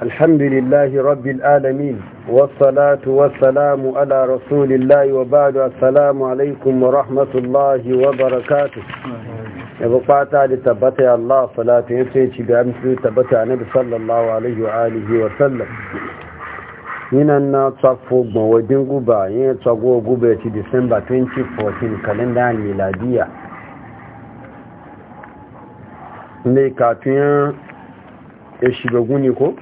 Alhamdulillahi Rabi'u Alameen. Wa Salatu wa Salaamu ala Rasulillahi wa Badu. As-salaamualeykum wa raxmatullahi wa barakatu. Ya buƙata ya tabbatar Allah, ya sanad ni da amsa, ya tabbatar Anabi, sallallahu alaihi wa'azi wa'azi, wa sallam. Yinan na tsaffo mawadin guba ya tsago guba ci Disamba 24, 2014, ne ya lalata. Me kafin ya shiga guni ko?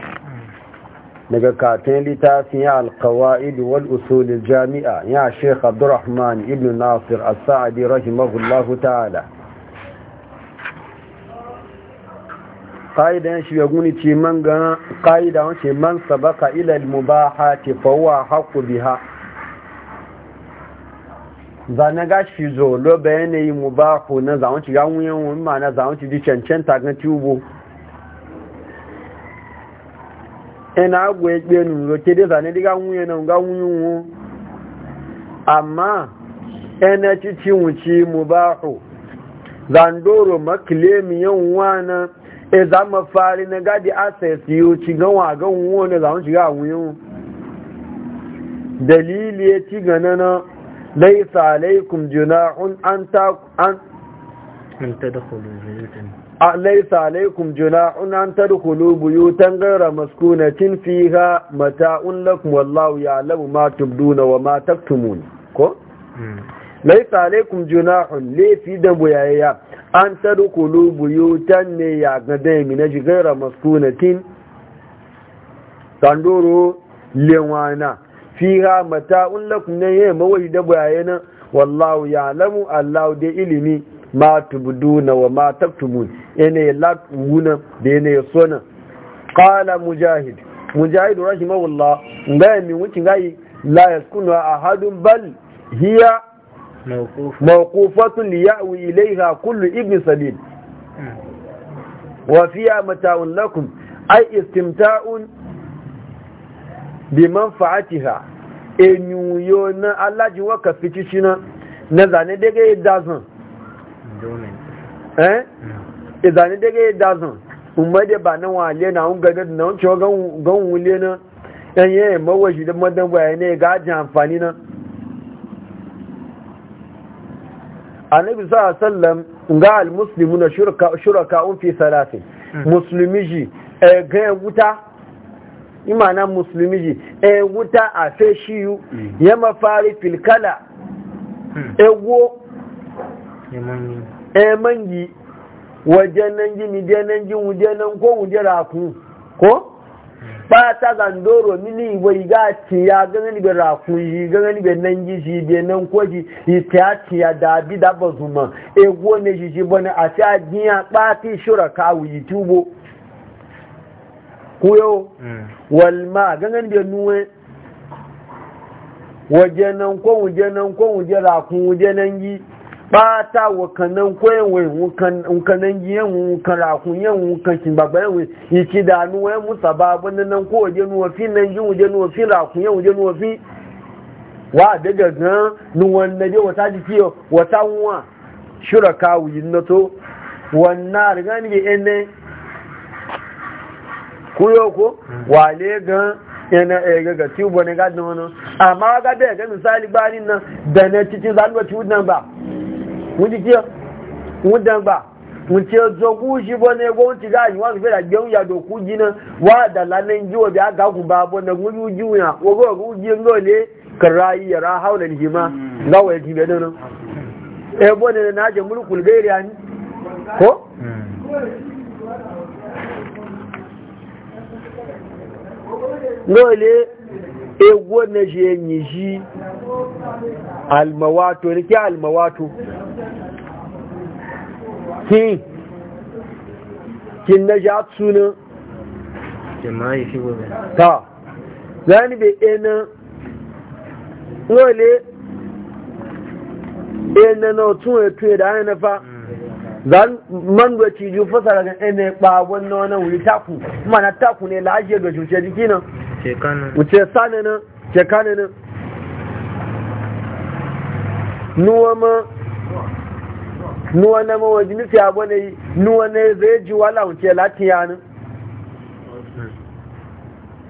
daga katon littafin ya idu wal usulul jami'a ya sheikh abdurrahman ibn nasir as-sa'adi rahimahullahu ta'ala ƙa'idan shi ya guni ce man gana ƙa'ida wace man sabaka ilal mubaha ce fawa haku biha zane gashi zo lo bayanayi ku na zaunci gawun wani ma na zaunci di cancanta na tubo ina agwa egbe nu ke zane diga nwunye na nga nwunye nwu amma ene cici wuci mubahu zandoro makilemi yan wana e za fari na gadi access yo ci ga wa ga nwu ne za mu shiga nwunye dalili ya ci gana na laisa alaikum junahun an ta an laisa alaikum junahun an tadkhulu buyutan ghayra maskunatin fiha mata'un lakum wallahu ya'lamu ma tubduna wa ma taktumun ko hmm. laisa alaikum junahun lafi da buyayya an tadkhulu buyutan ne ya ga dai ghayra maskunatin tanduru lewana fiha mata'un lakum ne yayi mawai da wallahu ya'lamu allahu da ilimi ma tubuduna wa ma taktumun yana latuna da yana sona qala mujahid mujahid rahimahullah bayan min wucin gayi la a ahadun bal hiya mawqufatun liyawi ilayha kullu ibn sabil wa fiya mata'un lakum ai istimta'un bi manfa'atiha enyuyo na alaji waka fitishi na na zane daga yadda zan eh izani daga da zan umma da ba nan wale na un gaga na un cewa gan wule na yan yaye mawashi da madan baya ne ga ji amfani na annabi sa sallam ga almuslimu na shuraka un fi salati hmm. musulmi ji eh, ga wuta imana musulmi ji eh, wuta a fe shiyu hmm. ya mafari filkala hmm. ewo emangi e, wajen nan ji mi nan ji mu nan ko mu jira ku ko ba ta gandoro mini wa ga ti ya ganin ni be ku yi ganin ni be nan ji ji be nan ko ji yi ta ti ya da bi da bazuma e go ne ji ji bane a ta jiya ba ti shura ka wu yi tubo yo mm. wal ma ganin be nuwe wajen nan ko wajen nan ko wajen raku wajen nan ji bata wakanan kwenwe wakanan yiyan wakarakun yan wakakin babban yanwe iki da nuwa yan musa babu na nan ko waje nuwa fi nan yin waje nuwa wafi rakun yan waje nuwa fi wa daga gan nuwan na je wata jiki wata nwa shura kawo yi na to wannan riga ni ene kuyo ko wale gan yana e, ga ga tubo ne gadon wani amma ga da ga misali bani nan da na cikin zanuwa tunan ba wọ́n ti kí ọ wọ́n dàgbà wọ́n ti ọjọ́ kú ṣíbọ́ ní ẹgbẹ́ wọ́n ti ká àyíwá fẹ́ rà gbẹ́hùn yàtọ̀ kú jiná wọ́n àdàlà ní jíwọ̀ bí agagùn bá bọ́ ní wọ́n yóò jíwọ̀ yàn wọ́n gbọ́ kú jí ńlọ lé kàrà yàrá hàwọn ènìyàn má láwọ̀ ẹ̀jì bẹ́ẹ̀ dáná ẹgbọ́ ní ẹ̀nà àjẹ múlùkù lẹ́rẹ̀ almawato ní kí almawato hin kin na ja tunan jama'i fi gobe ta zani be ena wole ena na otun etu eda ana e fa mm. zan man go ci ju fasara ga ene ba wannan wannan wuri taku kuma na taku ne laje ga juce jiki nan ce uce sanana ce kana nan nuwa ma nuwa na mawaji nufi abu ne nuwa ne zai ji wala wuce latin yanin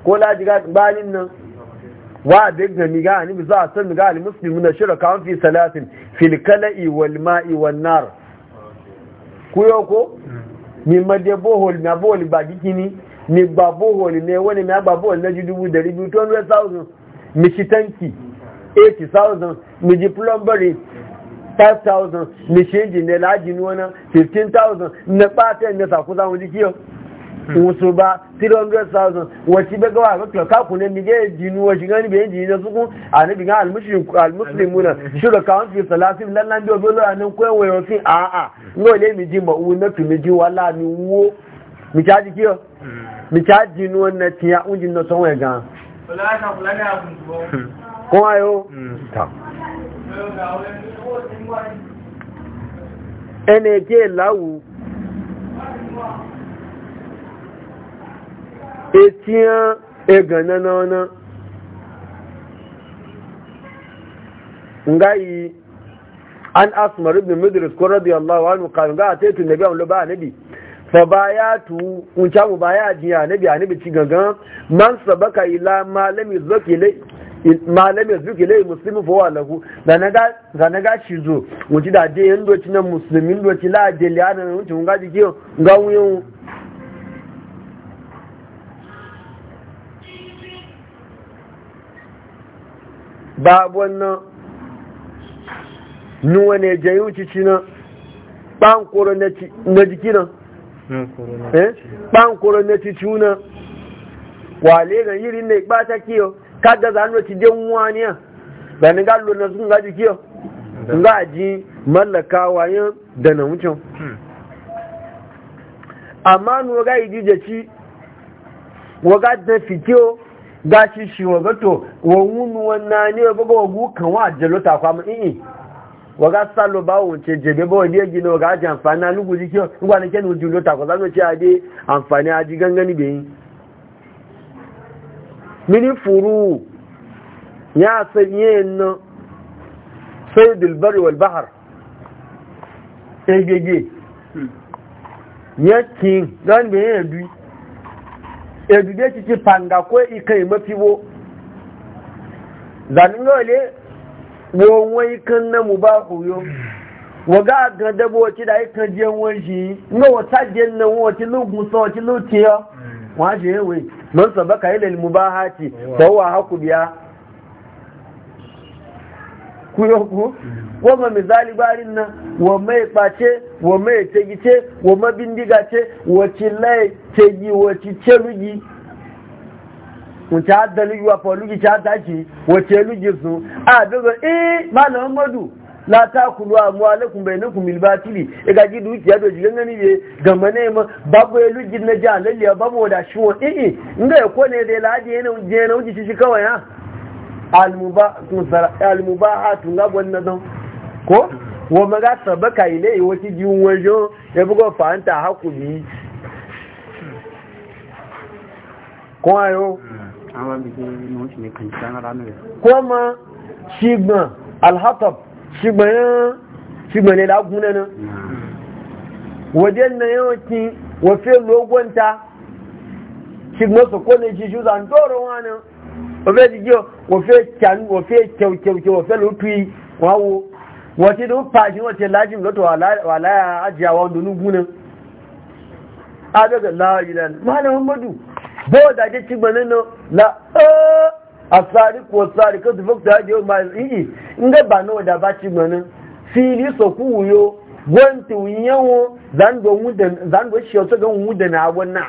ko laji balin nan wa duk da miga ni? bi za a san miga al muslimu na shirka an fi salatin fil kala'i wal ma'i wan nar ku yo ko mi made bohol na bohol ba gikini mi ba bohol ne wani na ba bohol na dubu dari ribu 200000 mi shitanki 80000 mi ji plumbering 5,000 ni change ne laji wani 15,000 na ɓata ne sa kusa wani kiyo musu ba 300,000 wacce bai gawa ga kyau kaku ne ni jinu wa shiga ni bayan jini na suku a ni bigan almuslimu na shirka kawon fi salatin lallan biyo biyo a nan kwayan wayo fi a a ngo ne mi ji ma'u na tu mi wala mi wo mi ca kiyo mi ca ni wani tiya unjin na son gan. Kọ́wá yóò. ẹnì kí èláwù etí ẹgàn náà náà ngayi an asmar ibn midris ko radiyallahu anhu kan ga ataitu nabi an lo ba nabi fabayatu un cabu baya jiya nabi anabi ci gangan man sabaka ila malami zakile malami zuki lai fo fowa lagu da na ga shi zo wuci da je yin doci na do doci la je liyana na wuce nga jike nga wuyen babu wannan nuwa ne jayi wuci ci na ɓankoro na ɓankoro eh? na ti cuna wale na yiri ne ba ta kiyo kada za nuna ci den waniya da ni lo na sun gaji kiyo za ji mallaka wayan da na wucin hmm. amma nu ga yi jije ci ga da fikiyo ga shi waga to wa wunu wannan ne ba ga wa gukan wa jalo ta kwamma i'i waga salo ba ce jebe ba wani yaji na waga aji amfani na lugu jiki ruwa na kenu julo tako zano ce ade amfani aji gangani bayi mini furu ya sanye na sai dilbari wal bahar egege yakin zan bayan edu edu dai ciki panga ko ikai mafi bo zanen gawale wọ́n ikan na mu ba huyo wọ́gá gan dẹ́bọ̀ ọtí dá ikan jẹ́ wọ́n yìí ní wọ́n na wọ́n ti lóògùn sọ ọtí ló ti ọ́. wọ́n á ṣe éwé lọ́n sọ bẹ́ka ilẹ̀ bá ha ti sọ́wọ́ àhákùbíà kúyọ́kú wọ́n mọ̀ misali gbárí na wọ́n mọ̀ ìpàṣẹ wọ́n mọ̀ ìtẹ́gìṣẹ́ wọ́n mọ̀ bíndígàṣẹ́ wọ́n ti wọ́n ti wuce adali yiwa falugi ta taki wace lugi su a daga eh malam madu la ta kulu amwalakum bainakum bil batili e ga gidu ki yado jigan gani be ga mane ma babu e e, e, ya lugi na ja lalle babu da shi wa eh inda ya kone da ladi yana je na wuce shi kawai ha al mubahatu al mubahatu ga wannan don ko wa maga sabaka ile wace jiwon wajo ya bugo fa'anta hakuri ko ayo kuma shigban alhatab shigban ne lagunan nan wajen na yawanci wafe logonta shigban su kone shi shi zan doron wani wafe jigiyo wafe kyaukyauke wafe lutuyi wawo wace da fashin wace lajin lotu walaya ajiyawa wanda nugunan agaga la'ayi lalata malamin madu bawa da ake shigban nan na eh, asari ko asari ka dufuk da hajji ma yi nga ba no da ba ci gbanin fili so ku wuyo gwanti wuyawo zan do mudan zan do shi so gan mudan na wannan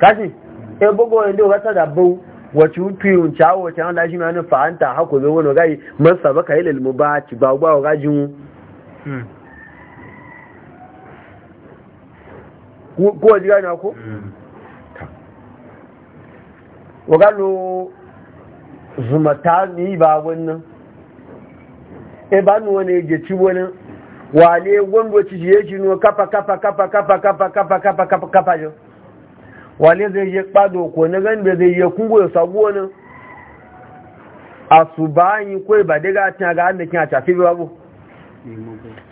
kashi e bogo ende o ta da bu wace tuyun chawo wace an lashi mai nufa an ta hako zo wani gai masa baka ilil mu ba ci ba ba gajin ko ji gani ko wagalo zumata ni ba wannan e ba ni wani je ci wani wale gwamgo ci je ci nuwa kafa kafa kafa kafa kafa kafa kafa kafa kafa yau wale zai yi kpado ko na gan da zai yi kungo ya sabu wani a su ba daga ta ga an da kin a tafi babu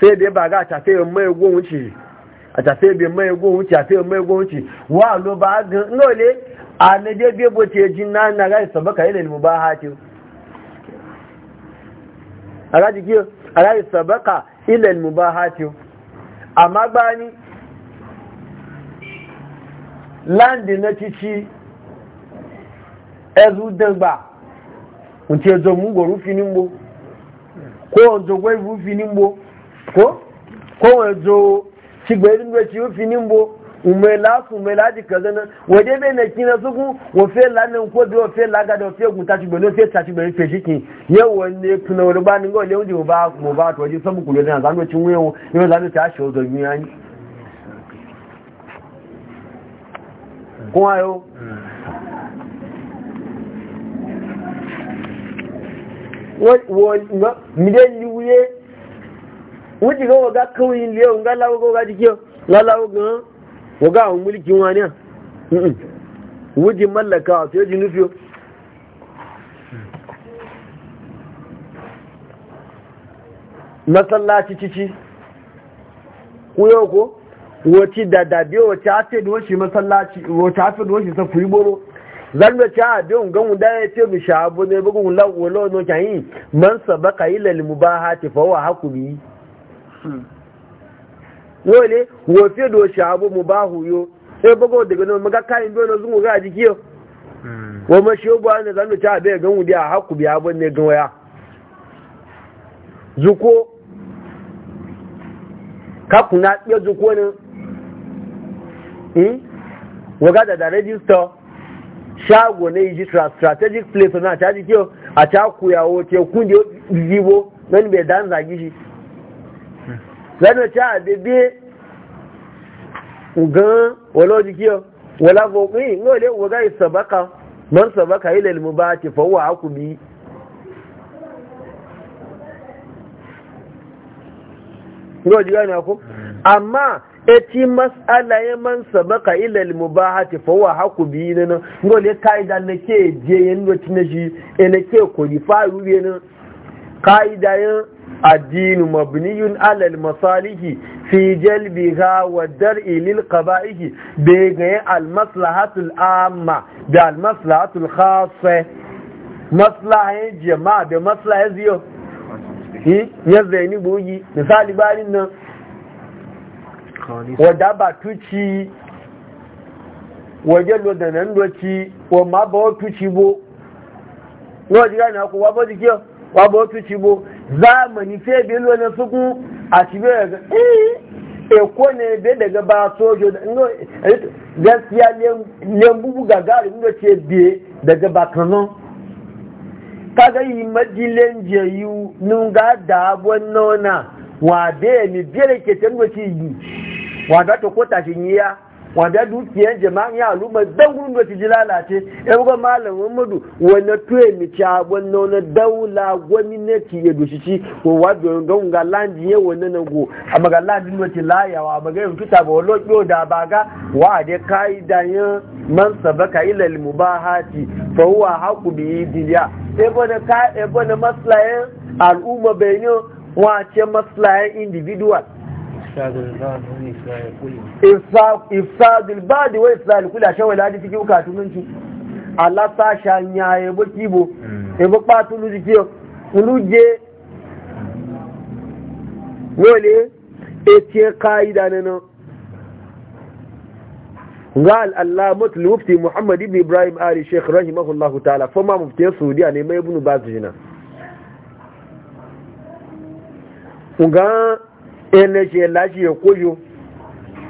sai dai ba ga tafi mai gwon wuce àtàfẹ́ ibi mma egó ohun tí àfẹ́ mọ́ egó ohun tí wà ló bá gan náà lé ànẹ́dẹ́ bí ebò tí ejì náà ní ile sọ̀bọ́kà ha ti ó agáyì sọ̀bọ́kà ilẹ̀ ni mo ha tí ó àmágbá ní mgbo fi ci gbayin da ci yufi nimbo umela umela ji kaza na waje bai na kina suku wa fe la ko bi wa fe la ga da fe guta ci gbayin fe ci gbayin fe shikin yau wanne tuna wani ba ni ga wani ba mu ba to ji sabu kulo na zanu cin wayo yau zanu ta shi da duniya ni kun ayo wọ́n mi liwuye wuce ga waga kawai liyo nga lawo ga waga jikiyo nga lawo ga waga awon mulkin wani a wuce mallaka a fiye nufiyo masallaci cici kuyo ko wace da dabe wace hafe da wace masallaci wace hafe da wace sa fuyi boro zan da cha da un gan da ya ce mi shabu ne bugun lawo lawo no kan yi man sabaka ila al mubahati fa wa hakuli wole wofe do shabu mu ba huyo sai bago daga nan maga kayan biyo na zungu ga jiki hmm. wa ma shi obu an zanu ta be gan wudi a haku biya ban ne gan waya zuko ka kuna ya zuko ne eh hmm? waga da da register shago ne yi strategic place na ta jiki a ta kuyawo kun di zibo nan be dan zagi shi lẹ́nu tí a dé bí gan olóòjì kí o wọ́lá fún mi ní olè wọ́gá ìsọ̀báka mọ́n sọ̀báka ilẹ̀ ìlú bá ti fọwọ́ àkùbí ní olè na kú amma eti mas'ala ya man sabaka ila al-mubahati fa huwa haku bi nan ngole kaida ne ke je ne shi ene ke addinu mabniyun alal masalihi fi jalbiha wa dar'i lil qaba'ihi be ga wọ́n ti ti kí ọ zamani fe belo na suku a cibe ga eko eh, e ne be daga ba sojo eh, gaskiya ne buga gari inda ce biye daga ba bakanon kaga yi madilen jayu nun ga da abon nona wa be mi biyar ke tango ci yi wa da ta kota shi ya wadda dukiyar jama'an ya al'umma don gudun da ji lalace ya buga malamin mudu wani tuwe mi wani daula gwamnati ya dushi ko wadda ga ya wani na go a maga landi na layawa maga yin tuta ba wani yau da ba ga wa da kayi da yin man sabaka ilal mubahati fa huwa haku bi yi ebo ebe na bai al'umma bayanin wace maslayan individual ifsadul badi wa ifsadul kula shawai ladi fi kiwuka tununci Allah ta shanya ya bu kibo ya bu patu lu jikiyo uluje wole etiye kaida gal allah mutlu المفتي muhammad ibn ibrahim ali sheikh رحمه ta'ala fa ma mufti saudiya ne mai ibn bazina ugan ẹlẹ́ṣẹ̀ láti èkó yo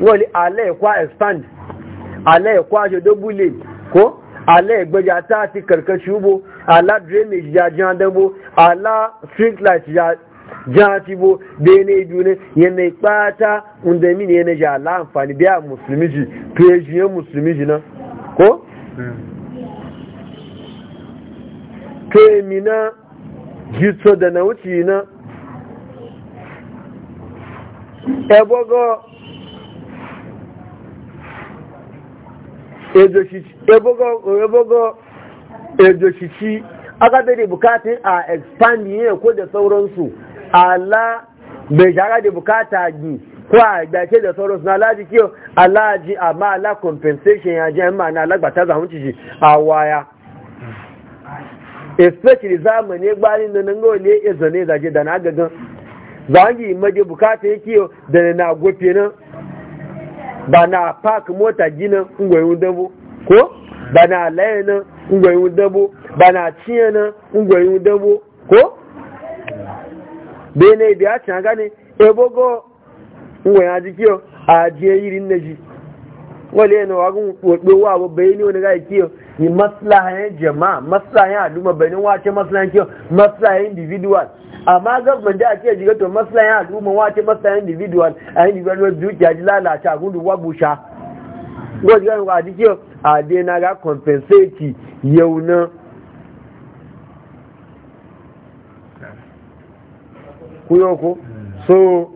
wọ́n ní alẹ́ ẹ̀kọ́ expand alẹ́ ẹ̀kọ́ aṣọ́dọ́gbùlẹ̀ kó alẹ́ ẹ̀gbẹ́jà tá àti kẹ̀kẹ́ ṣubú alá drainage ya jẹ́ adẹ́gbó alá street light ya jẹ́ àtibó bẹ́ẹ̀ni ìdú ni yẹn ní pátá ǹdẹ̀mí ni ẹnẹ́ṣẹ̀ aláǹfààní bí i mùsùlùmí jì tó ẹ̀ṣin náà jù tó dẹ̀nà ó ti náà ebogo edochichi aka da bukatun a expand yin ko da sauransu ala bai shaka da bukata gi ko a gbake da sauransu na alaji kiyo alaji amma ala compensation ya ji ma na alagbata zahun ciki a waya especially zamani gbanin da nan gole ya zane zage da na gagan zangi maje bukata yake da na gofe nan ba na park mota gina ngwayin dabo ko ba na laye nan ngwayin dabo ba na ciye nan ngwayin dabo ko bene biya can gane ebogo ngwayin ajiki a ajiye e yiri nnaji wale yana wagun wakpewa abubuwa ne wani ga ikiyo yi maslahayen jama'a maslahayen al'umma bayanin wace maslahayen kiyo maslahayen individual amma gabban da ake jiga to maslahayen al'umma wace maslahayen individual a individual zuciya ji lalata gudu wa busha gwaji gani wa jike a na ga compensate yau na kuyoko so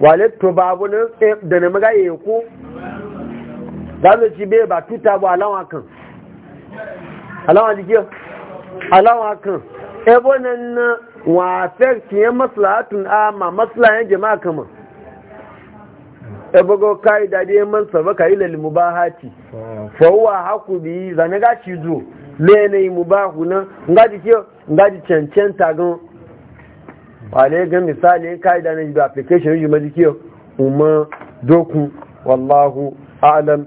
wale to babu na eh, da na magaye ko dáàbò ti bẹ́ẹ̀ bá túta bọ̀ aláwọn kan aláwọn jíjẹ́ aláwọn akàn ẹbọ́ e nana wọ́n àfẹ́ tiẹ́ maslahatun ama maslahan jama'a kama ẹbọ́gọ́ e káyí dáadé man sabaka ila lil mubahati fa haku bi zanaga ci zo lene mubahu na ngaji ke ngaji ta gan wale ga misali kai da na application yi majiki umma doku wallahu a'lam